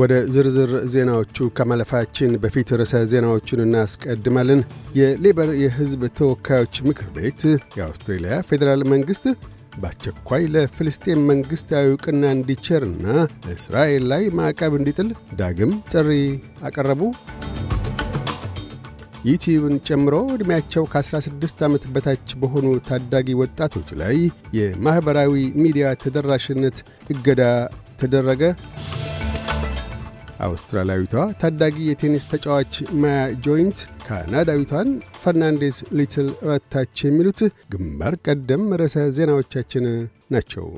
ወደ ዝርዝር ዜናዎቹ ከማለፋችን በፊት ርዕሰ ዜናዎቹን እናስቀድማለን። የሌበር የሕዝብ ተወካዮች ምክር ቤት የአውስትሬልያ ፌዴራል መንግሥት በአስቸኳይ ለፍልስጤም መንግሥት እውቅና እንዲቸርና እስራኤል ላይ ማዕቀብ እንዲጥል ዳግም ጥሪ አቀረቡ። ዩቲዩብን ጨምሮ ዕድሜያቸው ከ16 ዓመት በታች በሆኑ ታዳጊ ወጣቶች ላይ የማኅበራዊ ሚዲያ ተደራሽነት እገዳ ተደረገ። አውስትራሊያዊቷ ታዳጊ የቴኒስ ተጫዋች ማያ ጆይንት ካናዳዊቷን ፈርናንዴስ ሊትል ረታች። የሚሉት ግንባር ቀደም ርዕሰ ዜናዎቻችን ናቸው።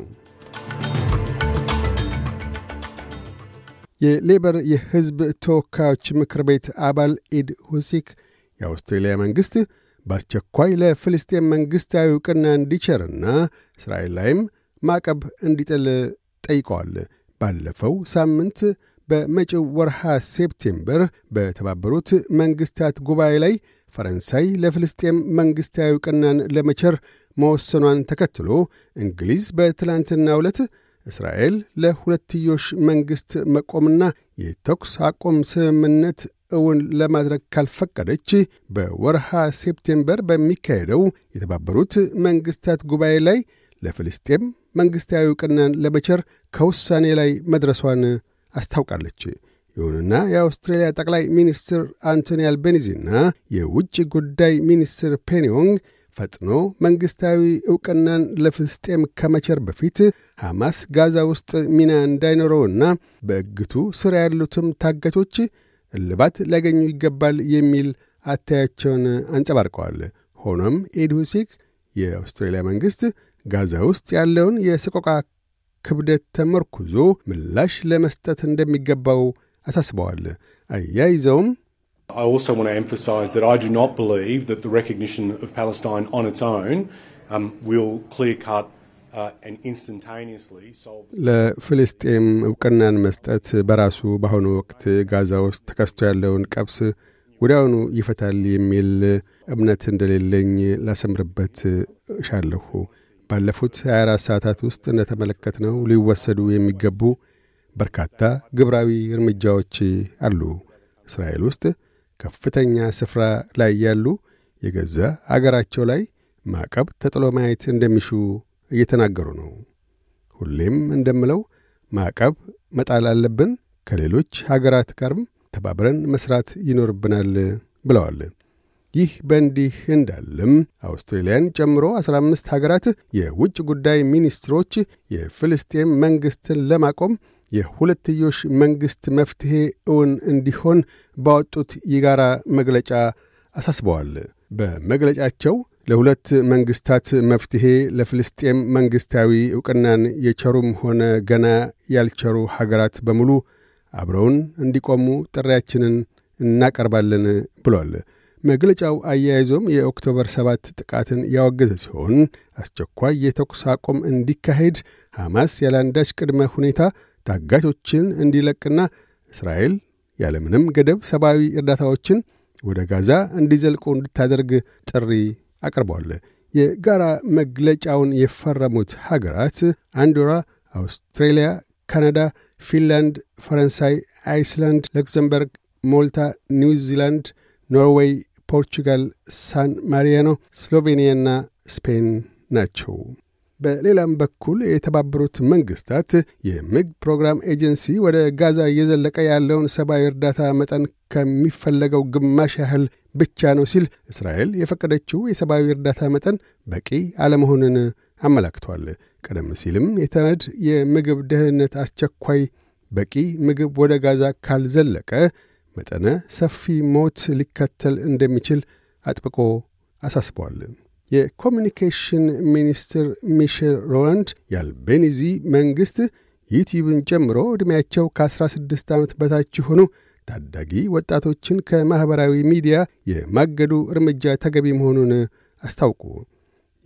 የሌበር የሕዝብ ተወካዮች ምክር ቤት አባል ኢድ ሁሲክ የአውስትሬልያ መንግሥት በአስቸኳይ ለፍልስጤም መንግሥታዊ ዕውቅና እንዲቸርና እስራኤል ላይም ማዕቀብ እንዲጥል ጠይቀዋል። ባለፈው ሳምንት በመጪው ወርሃ ሴፕቴምበር በተባበሩት መንግሥታት ጉባኤ ላይ ፈረንሳይ ለፍልስጤም መንግሥታዊ ዕውቅናን ለመቸር መወሰኗን ተከትሎ እንግሊዝ በትላንትና ዕለት እስራኤል ለሁለትዮሽ መንግሥት መቆምና የተኩስ አቁም ስምምነት እውን ለማድረግ ካልፈቀደች በወርሃ ሴፕቴምበር በሚካሄደው የተባበሩት መንግሥታት ጉባኤ ላይ ለፍልስጤም መንግሥታዊ ዕውቅናን ለመቸር ከውሳኔ ላይ መድረሷን አስታውቃለች። ይሁንና የአውስትሬልያ ጠቅላይ ሚኒስትር አንቶኒ አልቤኒዚና የውጭ ጉዳይ ሚኒስትር ፔኒዮንግ ፈጥኖ መንግሥታዊ ዕውቅናን ለፍልስጤም ከመቸር በፊት ሐማስ ጋዛ ውስጥ ሚና እንዳይኖረውና በእግቱ ስር ያሉትም ታጋቾች እልባት ሊያገኙ ይገባል የሚል አታያቸውን አንጸባርቀዋል። ሆኖም ኤድ ሁሲክ የአውስትሬልያ መንግሥት ጋዛ ውስጥ ያለውን የሰቆቃ ክብደት ተመርኩዞ ምላሽ ለመስጠት እንደሚገባው አሳስበዋል። አያይዘውም I also want to emphasize that I do not believe that the recognition of Palestine on its own um, will clear cut uh, ለፍልስጤም እውቅናን መስጠት በራሱ በአሁኑ ወቅት ጋዛ ውስጥ ተከስቶ ያለውን ቀብስ ወዲያውኑ ይፈታል የሚል እምነት እንደሌለኝ ላሰምርበት እሻለሁ። ባለፉት 24 ሰዓታት ውስጥ እንደተመለከትነው ሊወሰዱ የሚገቡ በርካታ ግብራዊ እርምጃዎች አሉ። እስራኤል ውስጥ ከፍተኛ ስፍራ ላይ ያሉ የገዛ አገራቸው ላይ ማዕቀብ ተጥሎ ማየት እንደሚሹ እየተናገሩ ነው። ሁሌም እንደምለው ማዕቀብ መጣል አለብን፣ ከሌሎች ሀገራት ጋርም ተባብረን መስራት ይኖርብናል ብለዋል። ይህ በእንዲህ እንዳለም አውስትሬልያን ጨምሮ 15 ሀገራት የውጭ ጉዳይ ሚኒስትሮች የፍልስጤም መንግሥትን ለማቆም የሁለትዮሽ መንግሥት መፍትሔ እውን እንዲሆን ባወጡት የጋራ መግለጫ አሳስበዋል። በመግለጫቸው ለሁለት መንግሥታት መፍትሔ ለፍልስጤም መንግሥታዊ ዕውቅናን የቸሩም ሆነ ገና ያልቸሩ ሀገራት በሙሉ አብረውን እንዲቆሙ ጥሪያችንን እናቀርባለን ብሏል። መግለጫው አያይዞም የኦክቶበር ሰባት ጥቃትን ያወገዘ ሲሆን አስቸኳይ የተኩስ አቁም እንዲካሄድ ሐማስ ያለአንዳች ቅድመ ሁኔታ ታጋቾችን እንዲለቅና እስራኤል ያለምንም ገደብ ሰብአዊ እርዳታዎችን ወደ ጋዛ እንዲዘልቁ እንድታደርግ ጥሪ አቅርቧል። የጋራ መግለጫውን የፈረሙት ሀገራት አንዶራ፣ አውስትሬልያ፣ ካናዳ፣ ፊንላንድ፣ ፈረንሳይ፣ አይስላንድ፣ ለክዘምበርግ፣ ሞልታ፣ ኒውዚላንድ፣ ኖርዌይ ፖርቹጋል፣ ሳን ማሪያኖ፣ ስሎቬኒያና ስፔን ናቸው። በሌላም በኩል የተባበሩት መንግስታት የምግብ ፕሮግራም ኤጀንሲ ወደ ጋዛ እየዘለቀ ያለውን ሰብአዊ እርዳታ መጠን ከሚፈለገው ግማሽ ያህል ብቻ ነው ሲል እስራኤል የፈቀደችው የሰብአዊ እርዳታ መጠን በቂ አለመሆኑን አመላክቷል። ቀደም ሲልም የተመድ የምግብ ደህንነት አስቸኳይ በቂ ምግብ ወደ ጋዛ ካልዘለቀ መጠነ ሰፊ ሞት ሊከተል እንደሚችል አጥብቆ አሳስበዋል። የኮሚኒኬሽን ሚኒስትር ሚሼል ሮላንድ የአልቤኒዚ መንግሥት ዩቲዩብን ጨምሮ ዕድሜያቸው ከ16 ዓመት በታች የሆኑ ታዳጊ ወጣቶችን ከማኅበራዊ ሚዲያ የማገዱ እርምጃ ተገቢ መሆኑን አስታውቁ።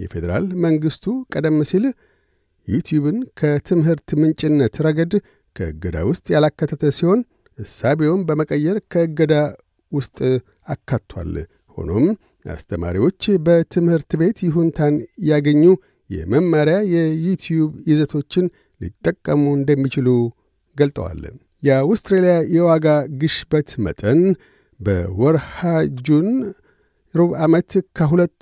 የፌዴራል መንግሥቱ ቀደም ሲል ዩቲዩብን ከትምህርት ምንጭነት ረገድ ከእገዳ ውስጥ ያላካተተ ሲሆን ሳቢዮን በመቀየር ከእገዳ ውስጥ አካቷል። ሆኖም አስተማሪዎች በትምህርት ቤት ይሁንታን ያገኙ የመማሪያ የዩትዩብ ይዘቶችን ሊጠቀሙ እንደሚችሉ ገልጠዋል። የአውስትሬልያ የዋጋ ግሽበት መጠን በወርሃ ጁን ሩብ ዓመት ከሁለት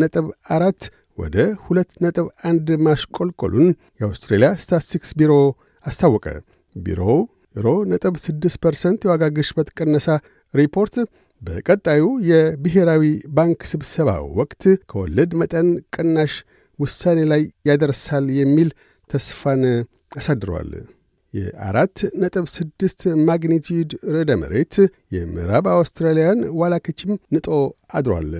ነጥብ አራት ወደ ሁለት ነጥብ አንድ ማሽቆልቆሉን የአውስትሬልያ ስታትስቲክስ ቢሮ አስታወቀ። ቢሮው ነጥብ 6 ፐርሰንት የዋጋ ግሽበት ቅነሳ ሪፖርት በቀጣዩ የብሔራዊ ባንክ ስብሰባ ወቅት ከወለድ መጠን ቅናሽ ውሳኔ ላይ ያደርሳል የሚል ተስፋን አሳድሯል። የአራት ነጥብ ስድስት ማግኒቲዩድ ርዕደ መሬት የምዕራብ አውስትራሊያን ዋላክችም ንጦ አድሯል።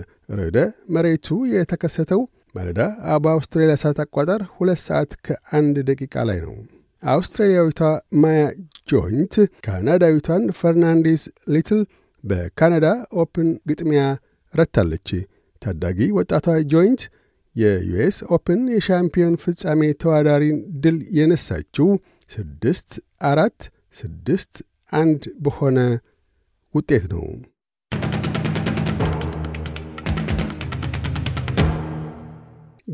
ርዕደ መሬቱ የተከሰተው ማለዳ በአውስትራሊያ ሰዓት አቋጠር ሁለት ሰዓት ከአንድ ደቂቃ ላይ ነው። አውስትራሊያዊቷ ማያ ጆይንት ካናዳዊቷን ፈርናንዴስ ሊትል በካናዳ ኦፕን ግጥሚያ ረታለች። ታዳጊ ወጣቷ ጆይንት የዩኤስ ኦፕን የሻምፒዮን ፍጻሜ ተዋዳሪን ድል የነሳችው ስድስት አራት ስድስት አንድ በሆነ ውጤት ነው።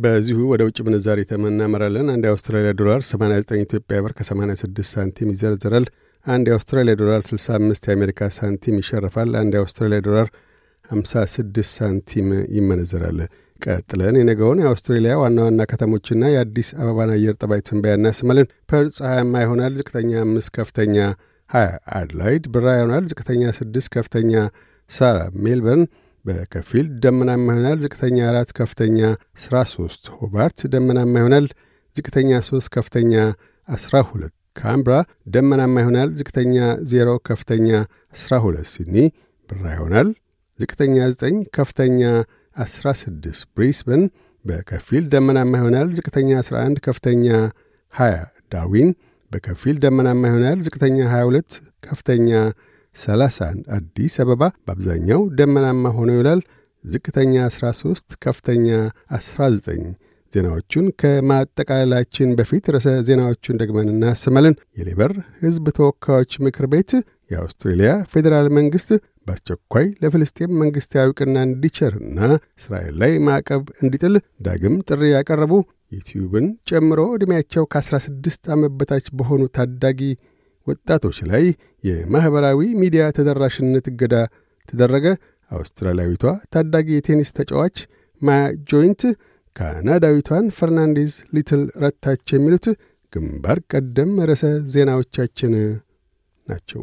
በዚሁ ወደ ውጭ ምንዛሪ ተመናመራለን። አንድ የአውስትራሊያ ዶላር 89 ኢትዮጵያ ብር ከ86 ሳንቲም ይዘረዘራል። አንድ የአውስትራሊያ ዶላር 65 የአሜሪካ ሳንቲም ይሸርፋል። አንድ የአውስትራሊያ ዶላር 56 ሳንቲም ይመነዘራል። ቀጥለን የነገውን የአውስትሬሊያ ዋና ዋና ከተሞችና የአዲስ አበባን አየር ጠባይ ትንበያ እናስማለን። ፐርዝ ፀሐያማ ይሆናል። ዝቅተኛ 5 ከፍተኛ 20። አድላይድ ብራ ይሆናል። ዝቅተኛ 6 ከፍተኛ 30። ሜልበርን በከፊል ደመናማ ይሆናል። ዝቅተኛ አራት ከፍተኛ 13። ሆባርት ደመናማ ይሆናል። ዝቅተኛ 3 ከፍተኛ 12። ካምብራ ደመናማ ይሆናል። ዝቅተኛ 0 ከፍተኛ 12። ሲድኒ ብራ ይሆናል። ዝቅተኛ 9 ከፍተኛ 16። ብሪስበን በከፊል ደመናማ ይሆናል። ዝቅተኛ 11 ከፍተኛ 20። ዳርዊን በከፊል ደመናማ ይሆናል። ዝቅተኛ 22 ከፍተኛ 31 አዲስ አበባ በአብዛኛው ደመናማ ሆኖ ይውላል። ዝቅተኛ 13፣ ከፍተኛ 19። ዜናዎቹን ከማጠቃለላችን በፊት ርዕሰ ዜናዎቹን ደግመን እናሰማለን። የሌበር ሕዝብ ተወካዮች ምክር ቤት የአውስትሬልያ ፌዴራል መንግሥት በአስቸኳይ ለፍልስጤም መንግሥታዊ ዕውቅና እንዲቸርና እስራኤል ላይ ማዕቀብ እንዲጥል ዳግም ጥሪ ያቀረቡ ዩትዩብን ጨምሮ ዕድሜያቸው ከ16 ዓመት በታች በሆኑ ታዳጊ ወጣቶች ላይ የማኅበራዊ ሚዲያ ተደራሽነት እገዳ ተደረገ። አውስትራሊያዊቷ ታዳጊ የቴኒስ ተጫዋች ማያ ጆይንት ካናዳዊቷን ፈርናንዴዝ ሊትል ረታች። የሚሉት ግንባር ቀደም ርዕሰ ዜናዎቻችን ናቸው።